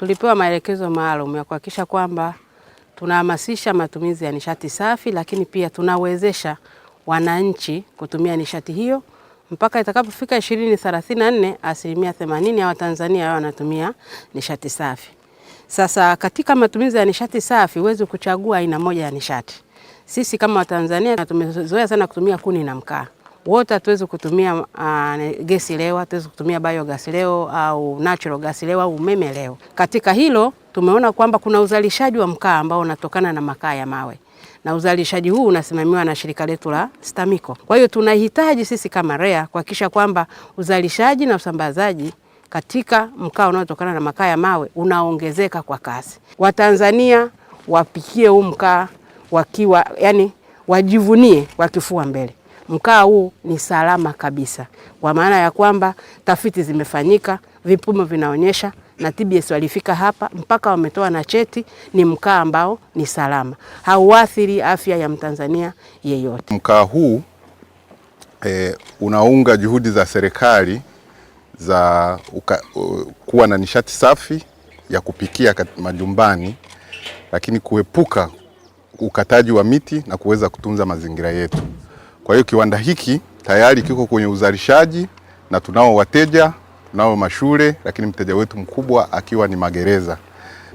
Tulipewa maelekezo maalum ya kuhakikisha kwamba tunahamasisha matumizi ya nishati safi, lakini pia tunawezesha wananchi kutumia nishati hiyo mpaka itakapofika 2034 asilimia 80 ya Watanzania wao wanatumia nishati safi. Sasa katika matumizi ya nishati safi huwezi kuchagua aina moja ya nishati. Sisi kama Watanzania tumezoea sana kutumia kuni na mkaa wote hatuwezi kutumia uh, ah, gesi leo, hatuwezi kutumia biogas leo au natural gas leo au umeme leo. Katika hilo tumeona kwamba kuna uzalishaji wa mkaa ambao unatokana na makaa ya mawe na uzalishaji huu unasimamiwa na shirika letu la STAMICO. Kwa hiyo tunahitaji sisi kama REA kuhakikisha kwamba uzalishaji na usambazaji katika mkaa unaotokana na makaa ya mawe unaongezeka kwa kasi. Watanzania wapikie huu mkaa wakiwa, yani wajivunie wakifua mbele mkaa huu ni salama kabisa, kwa maana ya kwamba tafiti zimefanyika, vipimo vinaonyesha na TBS walifika hapa mpaka wametoa na cheti, ni mkaa ambao ni salama, hauathiri afya ya Mtanzania yeyote. Mkaa huu e, unaunga juhudi za serikali za uka, u, kuwa na nishati safi ya kupikia majumbani, lakini kuepuka ukataji wa miti na kuweza kutunza mazingira yetu. Kwa hiyo kiwanda hiki tayari kiko kwenye uzalishaji na tunao wateja, tunao mashule, lakini mteja wetu mkubwa akiwa ni magereza.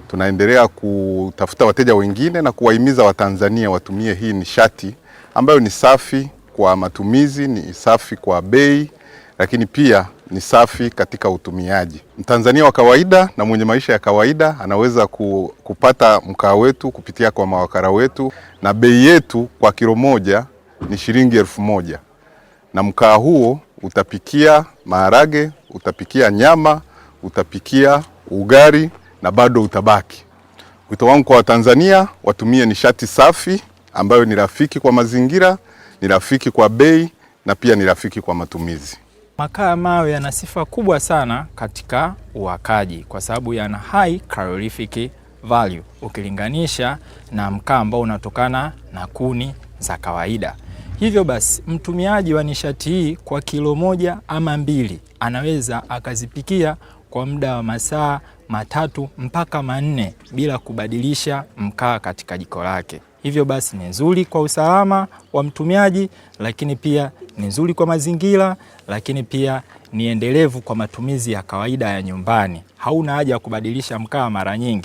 Tunaendelea kutafuta wateja wengine na kuwahimiza Watanzania watumie hii nishati ambayo ni safi kwa matumizi, ni safi kwa bei, lakini pia ni safi katika utumiaji. Mtanzania wa kawaida na mwenye maisha ya kawaida anaweza kupata mkaa wetu kupitia kwa mawakala wetu, na bei yetu kwa kilo moja ni shilingi elfu moja na mkaa huo utapikia maharage, utapikia nyama, utapikia ugali na bado utabaki. Wito wangu kwa Watanzania watumie nishati safi ambayo ni rafiki kwa mazingira, ni rafiki kwa bei na pia ni rafiki kwa matumizi. Makaa ya mawe yana sifa kubwa sana katika uwakaji kwa sababu yana high calorific value ukilinganisha na mkaa ambao unatokana na kuni za kawaida. Hivyo basi mtumiaji wa nishati hii kwa kilo moja ama mbili anaweza akazipikia kwa muda wa masaa matatu mpaka manne bila kubadilisha mkaa katika jiko lake. Hivyo basi ni nzuri kwa usalama wa mtumiaji, lakini pia ni nzuri kwa mazingira, lakini pia ni endelevu kwa matumizi ya kawaida ya nyumbani. Hauna haja ya kubadilisha mkaa mara nyingi.